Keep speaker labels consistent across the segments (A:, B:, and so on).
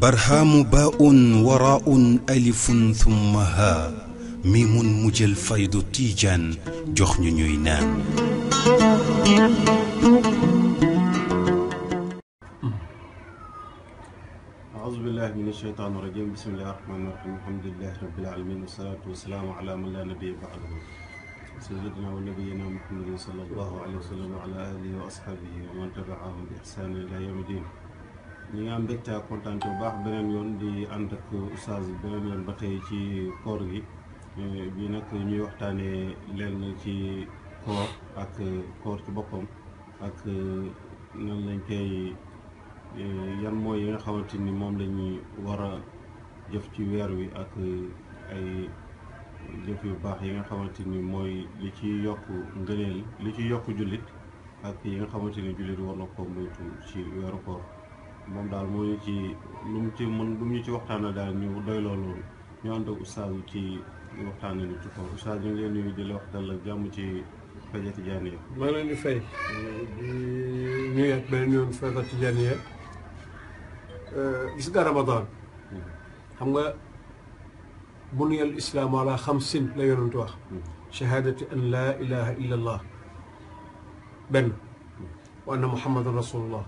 A: برهام باء وراء ألف ثم ها ميم مجل فيض تيجان جخن يوينان أعوذ
B: بالله من الشيطان الرجيم بسم الله الرحمن الرحيم الحمد لله رب العالمين والصلاة والسلام على من لا نبي بعده سيدنا ونبينا محمد صلى الله عليه وسلم وعلى آله وأصحابه ومن تبعهم بإحسان إلى يوم الدين ñi nga am mbégte ak kontaan bu baax beneen yoon di ànd ak oustaz beneen yoon ba tey ci koor gi eh, bi nag ñuy waxtaanee lenn ci koor ak koor ci boppam ak nan lañ koy eh, yan mooy yi nga xamante ni moom lañuy war a jëf ci weer wi ak ay jëf yu baax yi nga xamante ni mooy li ci yokk ngëneel li ci yokk jullit ak yi nga xamante ni jullit war na ko moytu ci weeru koor moom daal moo ñu ci lu mu ci mën lu mu ñu ci waxtaana daal ñu doy loolu ñu ànd ak ustaas ci waxtaana ni ci koor ustaas ñu ngi leen nuyu di la wax dal ak jàmm ci Fajar Tijaaniya ma leen di fay
A: di ñëwaat beneen yoon Fajar gis nga Ramadan hmm. xam nga بني الإسلام على خمس لا يرنتوا شهادة أن لا إله إلا الله بن وأن محمد رسول الله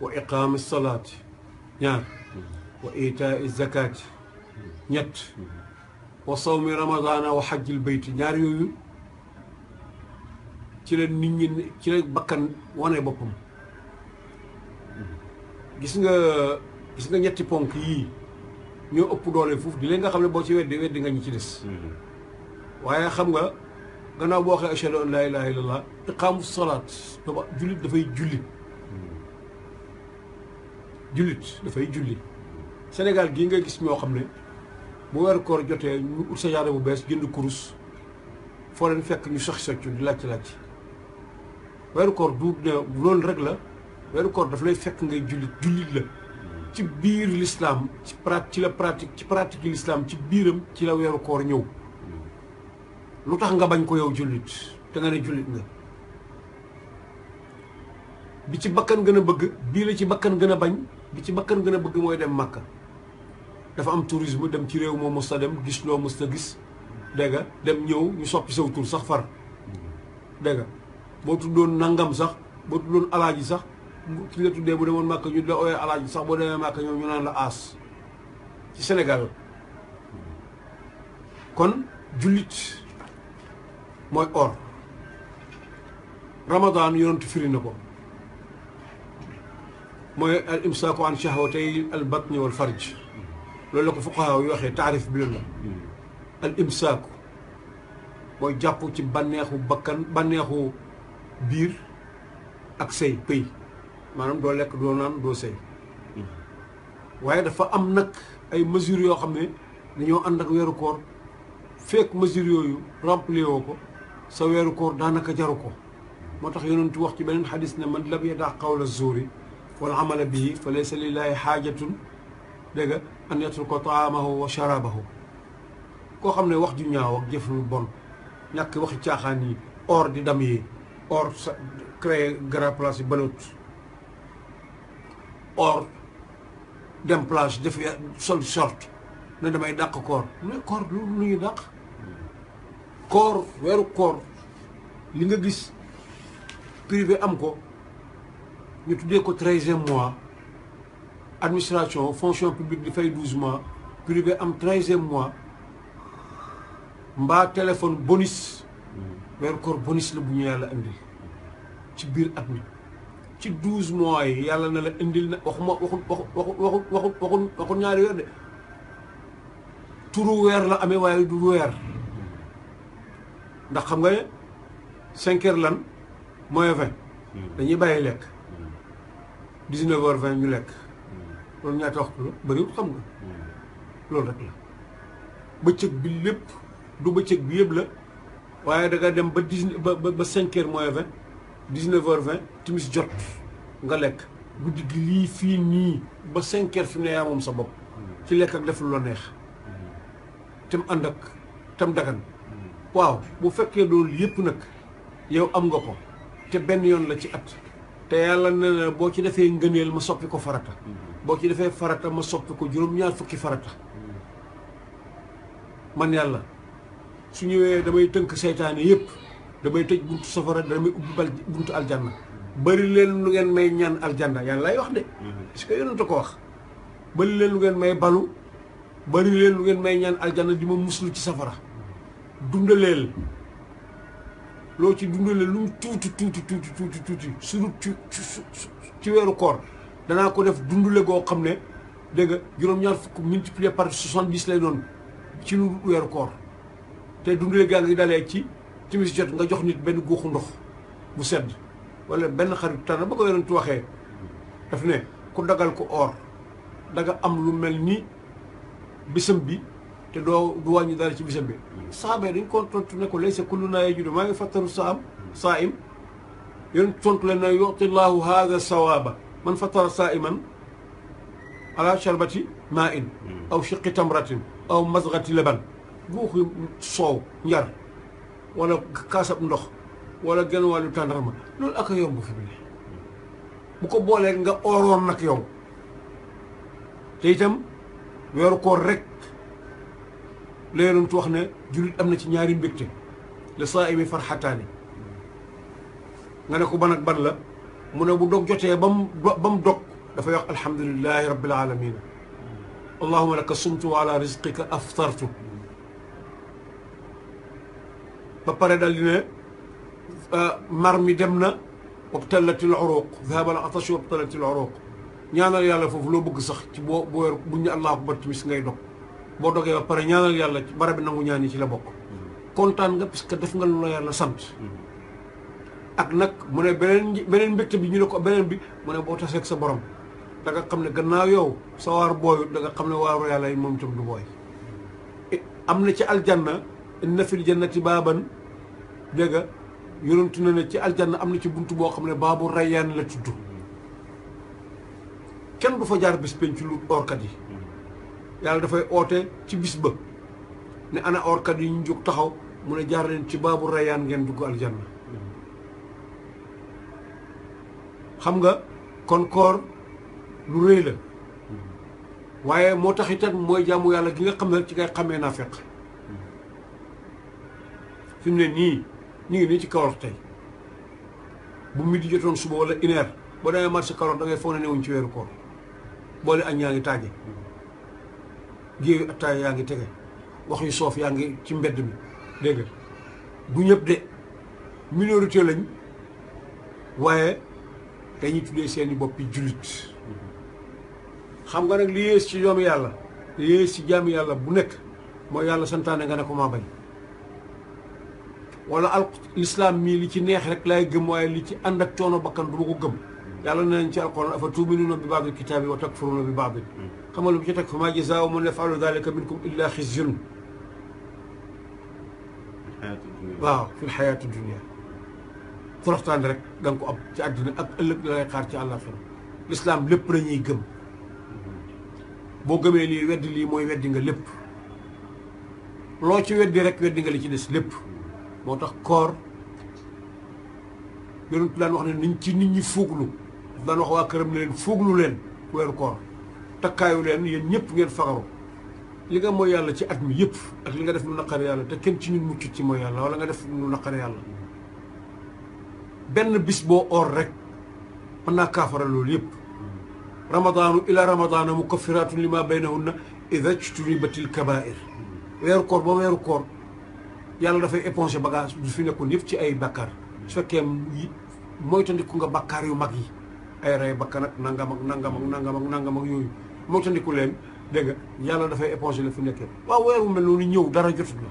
A: وإقام الصلاة نعم وإيتاء الزكاة نت وصوم رمضان وحج البيت نار يو تلا نين تلا بكن وانا بكم جسنا جسنا نتي بونكي ñoo ëpp doole foofu di leen nga xam ne boo ci weddi weddi nga ñu ci des mhm. waaye xam nga gannaaw boo waxee ashhadu an laa ilaaha illallah iqaamu salaat daba jullit dafay julli mhm. jullit dafay julli Sénégal gii nga gis ñoo xam ne bu weer jotee ñu ut sajaada bu bees jënd kurus foo leen fekk ñu sax soccu di laaj laaj weeru koor du ne loolu rek la weeru koor daf lay fekk ngay jullit jullit la ci biir l'islam ci pra ci la pratique ci pratique l'islam ci biiram ci la weeru koor ñëw lu tax nga bañ ko yow jullit te nga ne jullit nga bi ci bakkan gën a bëgg bii la ci bakkan gën a bañ bi ci bakkan gën a bëgg mooy dem Makka dafa am tourisme dem ci réew moo mos a dem gis loo mos a gis dégg dem ñëw ñu soppi saw tur sax far dégg nga boo tuddoon nangam sax boo tuddoon alaaji sax fi nga tuddee bu demoon màkk ñu la ooyee alaaj sax boo demee màkk ñoom ñu naan la aas ci Sénégal kon jullit mooy or ramadan yonentu firi na ko mooy al imsaaku an shahwatay al batni wal farj loolu la ko fuqaha yi waxee taarif bi la al imsaaku mooy jàpp ci bànneexu bakkan bànneexu biir ak say pëy manam do lek do nan do sëy waye dafa am nak ay mesure yo xamne dañu ànd ak wéru koor fekk mesures yooyu remplir woo ko sa wéru koor danaka jaru ko moo tax yonentu wax ci benen hadith ne man lab lam qawl az-zuri wal amal bi fa laysa lillahi hajatun dega nga an yatruka taamahu wa sharabahu ko xamne wax ju ñaaw ak jëf lu bon ñàkk waxi caaxaan yi or di dam yi or créer grand place yi balut or dem place def sol short ne damay dàq koor lu koor lu ñuy dàq koor weeru koor li nga gis prix bi am ko ñu tuddee ko treizième mois administration fonction publique di fay douze mois privé am treizième mois mbaa téléphone bonus hmm. weeru koor bonus la bu ñu yàlla indi ci biir at mi ci douze mois yi yàlla na la indil na waxuma waxu waxu waxu waxu waxu ñaari weer de turu la amee waaye du weer ndax xam nga ne cinq heures lan moins vingt dañuy bàyyi lekk dix-neuf vingt ñu lekk loolu ñaata waxtu la bëriwul xam nga loolu rek la bëccëg bi lépp du bëccëg bi yëpp la waaye da dem ba dix ba ba cinq heures moins vingt 19 heures 20 timis jot nga lekk guddi gi lii fii nii ba 5 su ne yaa sa bopp ci lekk ak def lu la neex tam ànd ak tam dagan waaw bu fekkee loolu yëpp nag yow am nga ko te benn yoon la ci at te yàlla ne boo ci defee ngëneel ma soppi ko farata boo ci defee farata ma soppi ko juróom-ñaar fukki farata man yàlla su ñëwee damay tënk seytaane yëpp damay tëj buntu safara damay ubbi bal buntu aljanna bëri leen lu ngeen may ñaan aljanna yàlla lay wax de parce mm-hmm. que yonent ko wax bëri leen lu ngeen may balu bëri leen lu ngeen may ñaan aljanna di ma muslu ci safara dundaleel loo ci dundalee lu mu tuuti tuuti tuuti tuuti tuuti ci weeru koor danaa ko def dundale goo xam ne dégg nga juróom-ñaar fukk multiplié par soixante-dix lay doon ci lu weeru koor te dundale gaa ngi dalee ci timis jot nga jox nit ben guuxu ndox bu sedd wala ben xarit tan ba ko yonent waxe daf ne ku dagal ko or da nga am lu mel ni bisam bi te do du wañu dara ci bisam bi saaba dañ ko tontu ne ko laysa kullu naa yajudu maa ngi saam saim yon tontu le ne yuti allah hadha sawaba man fatara saiman ala sharbati ma'in aw shiqqi tamratin aw mazghati laban guuxu soow njar wala kaasab ndox wala genn wàllu tàndarma loolu ak a yomb fi mu ne bu ko boolee nga ooroon nag yow te itam weeru koor rek la yonent wax ne jullit am na ci ñaari mbégte le saa imi farxataani nga ne ko ban ak ban la mu ne bu dog jotee ba mu ba mu dog dafay wax alhamdulilahi rabbil alamina allahuma laka sumtu wa ala rizqika aftartu ba pare dal di ne euh, mar mi dem na la wabtallatil uruq dhahaba al atash wabtallatil uruq ñaanal yàlla foofu loo bëgg sax ci boo boo weer buñ ñu allah akbar timis ngay dog boo dogee ba pare ñaanal yàlla ci barab bi nangu ñaan yi ci la bokk kontaan nga parce que def nga lu la yàlla sant ak nag mu ne beneen beneen bi ñu ne ko beneen bi mu ne boo taseeg sa borom da nga xam ne gannaaw yow sa waar booyut da nga xam ne waaru yàlla ay moom itam du booy am na ci aljanna inna fil ci baaban dégg nga yonentu na ne ci aljanna am na ci bunt boo xam ne baabu rayyaan la tudd kenn du fa jaar bis penc yi yàlla dafay oote ci bis ba ne ana orkat yi ñu jóg taxaw mu ne jaar leen ci baabu rayaan ngeen dugg aljanna xam nga kon koor lu rëy la waaye moo tax itam mooy jaamu yàlla gi nga xam ne ci ngay xamee naa feq fi ne nii ñu ngi nii ci Kaolack tey bu mu di jotoon suba wala une heure boo demee marché Kaolack da ngay foog ne newuñ ci weeru koor boole ak yaa ngi tàgge géeyu attaay yaa ngi tege wax yu soof yaa ngi ci mbedd mi dégg nga bu ñëpp de minorité lañ waaye dañuy tuddee seeni boppi jullit xam nga nag li yées ci yoomi yàlla li yées ci yàlla bu nekk mooy yàlla santaane nga ne ko maa bañ ولا الإسلام ميلي كي نيخ رك لاي گم واي لي تي اندك تونو بكان دو مكو گم يالا نان تي القران افا تومنون ببعض الكتاب وتكفرون ببعض كما لم تتك فما جزاء من يفعل ذلك منكم الا خزي واو في الحياة الدنيا تروح تاند رك دانكو اب تي ادنا اك الك لاي خار تي الله خير الاسلام لب راني گم بو گمي لي ود لي موي ود nga lepp lo ci weddi rek weddi nga li ci dess lepp moo tax koor yonentu daan wax ne nañ ci nit ñi fooglu daan wax waa këram ne leen fooglu leen weeru koor takkaayu leen yéen ñëpp ngeen fagaru li nga mooy yàlla ci at mi yëpp ak li nga def nu naqare yàlla te kenn ci ñun mucc ci mooy yàlla wala nga def nu naqare yàlla benn bis boo oor rek mën naa kaafara loolu yëpp ramadaanu ila ramadaana mukaffiratun li ma baynahunna ida jtunibatil kabair weeru koor ba weeru koor yàlla dafay éponger bagage du fi nekkoon yëpp ci ay bakkaar su fekkee moytandiku nga bakkaar yu mag yi ay rey bakkan ak nangam ak nangam ak nangam ak yooyu moytandiku leen dégg nga yàlla dafay éponger la fi nekkee waaw weer wu mel noonu ñëw dara jotut la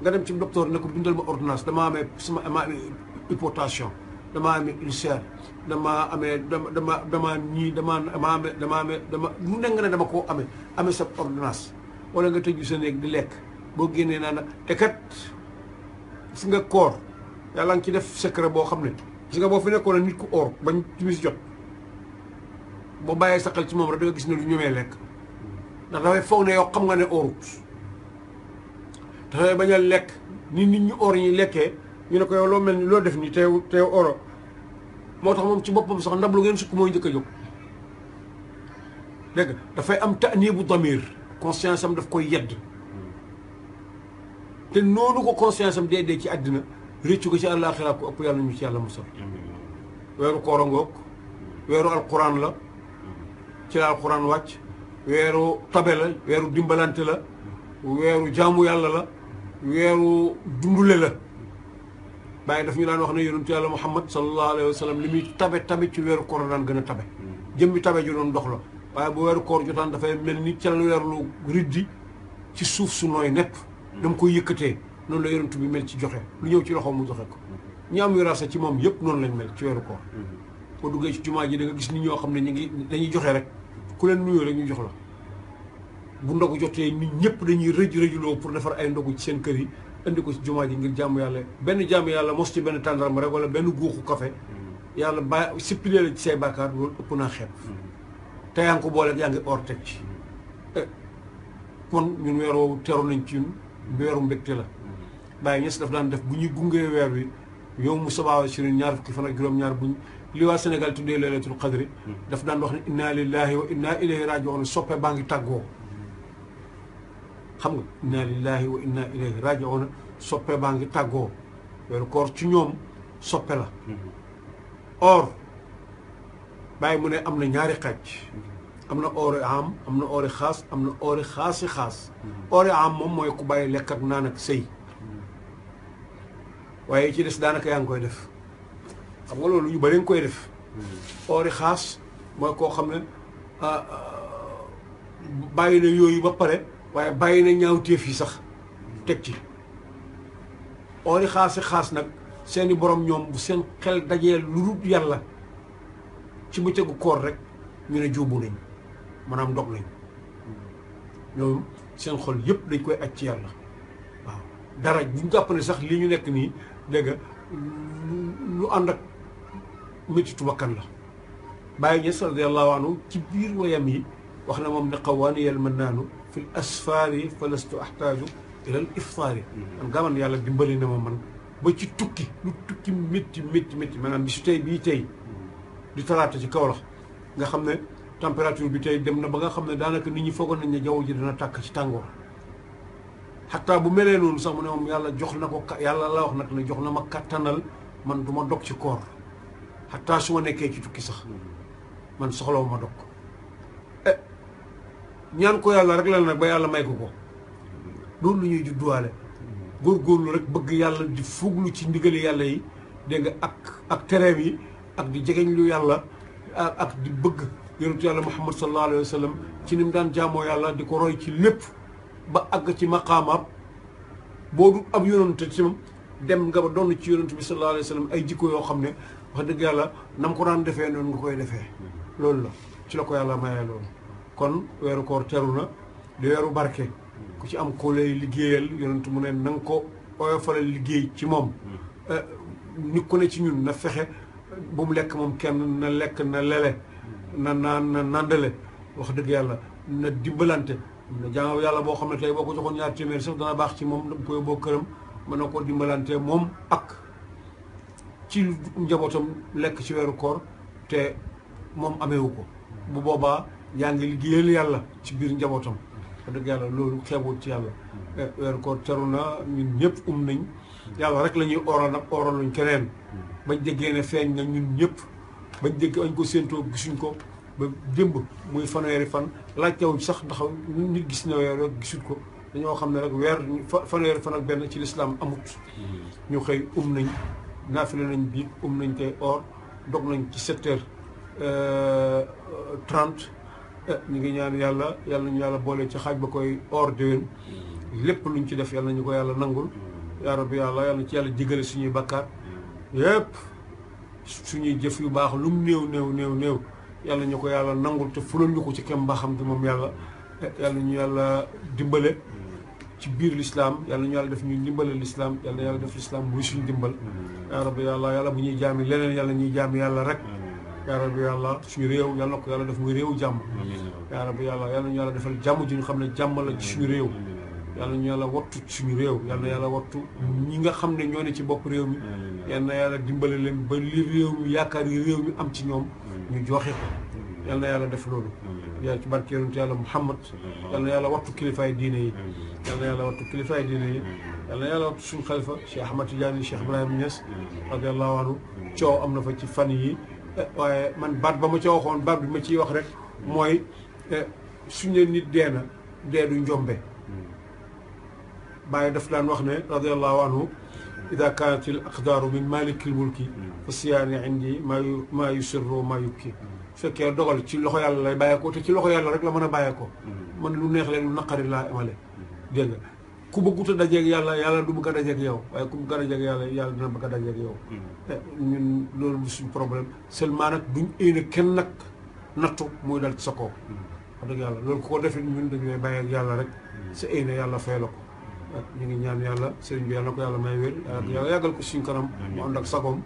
A: nga dem ci docteur ne ko bindal ma ordonnance damaa amee sama ma amee hypotension damaa amee ulcère damaa amee dama dama damaa ñii damaa damaa amee dama mu ne ne dama koo amee amee sa ordonnance wala nga tëju sa néeg di lekk boo génnee naa nag te gis nga koor yàlla nga ci def secret boo xam ne gis nga boo fi nekkoon nit ku oor ba timis jot boo bàyyee sa xel ci moom rek da nga gis ne du ñëmee lekk ndax dafay foog ne yow xam nga ne oorut bañ a lekk nit ñu oor yi lekkee ñu ne ko yow loo mel ni loo def nii te yow te yow moo tax moom ci boppam sax ndab lu ngeen sukk mooy jëkk a jóg dégg dafay am taanibu damir conscience am daf koy yedd te noonu ko conscience am dee dee ci àddina rëccu ko ci àllaaxira ku ëpp yàlla ñu ci yàlla musal weeru koor a ngoog weeru alquran la ci la alquran wàcc weeru tabe la dimbalante la weeru jaamu yàlla la weeru dundule la bàyyi daf ñu daan wax ne yonentu yàlla muhammad sallallahu alayhi wa sallam li muy tabe tabe ci weeru koor daan gën a tabe jëmmi tabe ju doon dox la waaye bu weeru koor jotaan dafay mel ni cal weer lu riddi ci suuf su nooy nepp dama koy yëkkatee noonu la yonent bi mel ci joxe lu ñëw ci loxoom mu joxe ko ñi am wiraasa ci moom yëpp noonu lañ mel ci weeru koor boo duggee ci jumaa ji da nga gis nit ñoo xam ne ñu ngi dañuy joxe rek ku leen nuyoo rek ñu jox la bu jox jotee nit ñëpp dañuy rëj rëjuloo pour defar ay ndogu ci seen kër yi indi ko ci jumaa ji ngir jàmm yàlla benn jaamu yàlla mos ci benn tàndarma rek wala benn guuxu kafe yàlla ba sippilé la ci say bàkkaar loolu ëpp naa xeeb te yaa boole yaa ngi or teg ci eh, kon ñun weer woowu teru nañ ci ñun weeru mbégte la bàyyi ñes daf daan def bu ñuy gungee weer wi yow mu sabaa shirin ñaar fukki fan ak juróom-ñaar buñ li waa Sénégal tuddee laylatul qadri daf daan dox ne inna lillahi wa inna ilayhi rajiun soppe baa ngi tàggoo xam nga inna lillahi wa inna soppe baa ngi tàggoo koor ci ñoom soppe la mm-hmm. or bàyyi mu ne am na ñaari xaaj am na oore am am na oore xaas am na oore xaasi xaas oore am moom mooy ku bàyyi lekk ak naan ak sëy waaye ci des daanaka yaa ngi koy def xam nga loolu ñu bëri nga koy def oori xaas mooy koo xam ne ah, ah, bàyyi na yooyu ba pare waaye bàyyi na ñaawteef fii sax teg ci oori xaasi xaas nag seeni borom ñoom bu seen xel dajee lu dul yàlla ci bëccëgu koor rek ñu ne juubu nañ manam dog lañ ñoom seen xol yëpp dañ koy aj ci yàlla waaw dara ñu jàpp ne sax li ñu nekk nii dégg nga lu ànd ak métitu bakkan la bàyyi ñes radiallahu anhu ci biir wayam yi wax na moom ne xawaaniyal mën naanu fi l asfaari fa lastu axtaaju ila l iftaari man gaman yàlla dimbali na ma man ba ci tukki lu tukki métti métti métti maanaam bi su tey bii tey di talaata ci kaw la nga xam ne température bi tey dem na ba nga xam ne daanaka nit ñu foogoon nañ ne jaww ji dana tàkk ci tàngoor xataa bu melee noonu sax mu ne moom yàlla jox na ko yàlla la wax nag ne jox na ma kattanal man du ma dog ci koor xataa su ma nekkee ci tukki sax man soxlaw ma dog eh ñaan ko yàlla rek la nag ba yàlla may ko ko loolu lu ñuy judduwaale góorgóorlu rek bëgg yàlla di fuglu ci ndigali yàlla yi dégg nga ak ak tereem yi ak di jegeñ lu yàlla ak di bëgg yonentu yàlla muhammad sallallahu alayhi wa sallam ci ni mu daan jaamoo yàlla di ko roy ci lépp ba àgg ci maqaamaam boo du ab yonent ci dem nga ba doon ci yonent bi sallallahu alayhi wa sallam ay jikko yoo xam ne wax dëgg yàlla na mu ko daan defee noonu nga koy defee la ci la ko yàlla mayee kon weeru koor teru na di weeru barke ku ci am ko lay liggéeyal yonent mu ne na ko oyofalal liggéey ci moom hmm. eh, ni ku ne ci ñun na fexe bu mu lekk moom kenn na lekk na lele na na na nandale wax dëgg yàlla na dimbalante na jaamu yàlla boo xam ne tey boo ko joxoon ñaar téeméer sax dana baax ci moom da koy boo këram mën na koo dimbalante moom ak ci njabootam lekk ci weeru koor te moom ameewu ko bu boobaa yaa ngi liggéeyal yàlla ci biir njabootam wax dëgg yàlla loolu xeebut ci yàlla eh, weeru koor teru na ñun ñëpp um nañ yàlla rek la ñuy nag oral luñ keneen bañ déggee ne feeñ na ñun ñëpp bañ dégg bañ ko séentoo gisuñ ko ba démb muy fanweeri fan laajtew sax ñu nit gis na weer rek gisut ko dañoo xam ne rek weer fanweeri fan ak benn ci lislaam amut mm-hmm. ñu xëy um nañ naafile nañ biig um nañ te or dog nañ ci sept heures euh, trente eh, ñu ngi ñaan yàlla yàlla nañu yàlla boole ci xaaj ba koy oor déwén mm-hmm. lépp luñ ci def yàlla nañu ko yàlla nangul mm-hmm. yaa rabbi yàlla yàlla ci suñuy bakkaar yépp suñuy jëf yu baax lu néew néew néew néew yàlla ñu ko yàlla nangul te fulal ñu ko ci kem mbaaxam gi moom yàlla yàlla ñu yàlla dimbale ci biir lislaam yàlla ñu yàlla def ñu dimbale lislaam yàlla def lislaam muy suñu dimbal mm-hmm. yaa rabbi yàlla yàlla bu ñuy jaami leneen yàlla ñuy jaami yàlla rek
C: mm-hmm.
A: yaa rabbi yàlla suñu réew yàlla na ko yàlla def muy réewu jàmm yaa rabbi yàlla yàlla ñu yàlla defal jàmm ji ñu xam ne jàmm la ci suñu réew yàlla ñu yàlla wattu suñu réew yàlla yàlla wattu ñi nga xam ne ñoo ci bopp réew mi yal na yàlla dimbale leen ba li réew mi yaakaar am ci ñoom ñu joxe ko yal na yàlla def loolu yàlla ci barke yonent yàlla na yàlla wattu kilifaay diine yi yal na yàlla wattu kilifaay na yàlla suñu xalifa Cheikh Ahmad Tidiane Cheikh Ibrahima Niass radiyallahu anhu coow am na fa ci fan yi eh, waaye man baat ba ma ca waxoon baat bi ma ciy wax rek mooy eh, suñu ne nit dee na dee du njombe bàyyi daf daan wax ne radiallahu anhu ida kaanat il aqdaaru min malikil mulki fa siyaani indi maa ma maa yu sirru maa yubki fekkee dogal ci loxo yàlla lay bàyyeekoo te ci loxo yàlla rek la mën a bàyyeekoo man lu neex le lu naqari laa emale dégg nga ku bëggut a dajeeg yàlla yàlla du bëgg a dajeeg yow waaye ku bëgg a dajeeg yàlla yàlla dina bëgg a dajeeg yow ñun loolu du suñu problème seulement nag duñ kenn nag nattu muy dal ci sa kaw wax dëgg yàlla loolu ko defit ñun dañu lay bàyyeeg yàlla rek sa éene yàlla fay la ñu ngi ñaan yàlla sëriñ bi yàlla na ko yàlla may wér yàggal ko suñu kanam mu ànd ak sagoom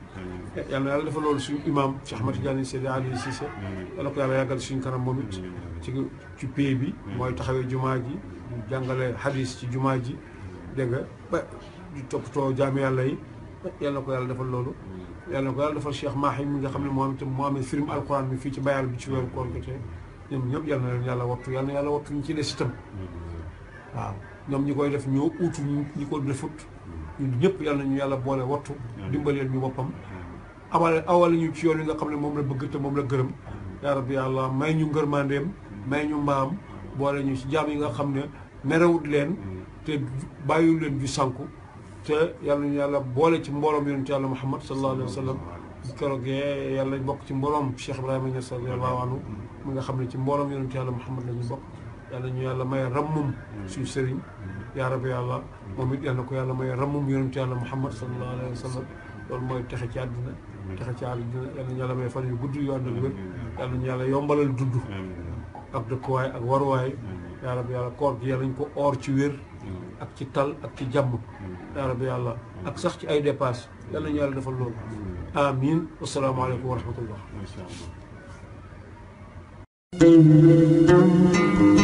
A: yàlla na yàlla dafa loolu suñu imam Cheikh Ahmed Tidiane Seydi Aliou Cissé yàlla ko yàlla yàggal suñu kanam moom it ci ci pays bi mooy taxawee jumaa ji jàngale hadis ci jumaa ji dégg nga ba di toppatoo jaami yàlla yi yàlla ko yàlla defal loolu yàlla na ko yàlla defal Cheikh Mahi mi nga xam ne moo am moo amee firim alquran bi fii ci bayal bi ci weeru koor ko te ñoom ñëpp yàlla na leen yàlla yàlla na yàlla wattu ñu ci waaw ñoom ñi koy def ñoo uutu ñi ko defut ñun ñëpp yàlla nañu yàlla boole wattu dimbaleel ñu boppam amale awale ñu ci yoon yi nga xam ne moom la bëgg te moom la gërëm yaa rabbi yàlla may ñu ngërmandeem may ñu maam boole ñu ci jaam yi nga xam ne merewut leen te bàyyiwul leen ju sanku te yàlla nañu yàlla boole ci mbooloom yonent yàlla muhammad sallallahu alayhi wa sallam keroogee yàlla bokk ci mbooloom Cheikh Ibrahima Niass radiyallahu anhu mi nga xam ne ci mbooloom yoonu yonent yàlla muhammad la ñu bokk yàlla ñu yàlla may rammum mm. suñu sëriñ mm. yaa rabbi yàlla moom it yàlla ko yàlla may rammum yonent yàlla muhammad sallallahu alayhi wa sallam loolu mooy texe ci àdduna mm. texe ci àdduna yàlla ñu yàlla may fan yu gudd yu ànd ak wér yàlla ñu yàlla yombalal dund ak dëkkuwaay ak waruwaay yaa rabbi yàlla koor gi yàlla ñu ko oor ci wér ak ci tal ak ci jàmm yaa rabbi yàlla ak sax ci ay dépasse yàlla ñu yàlla defal loolu amin wasalaamaaleykum wa rahmatullah Thank you.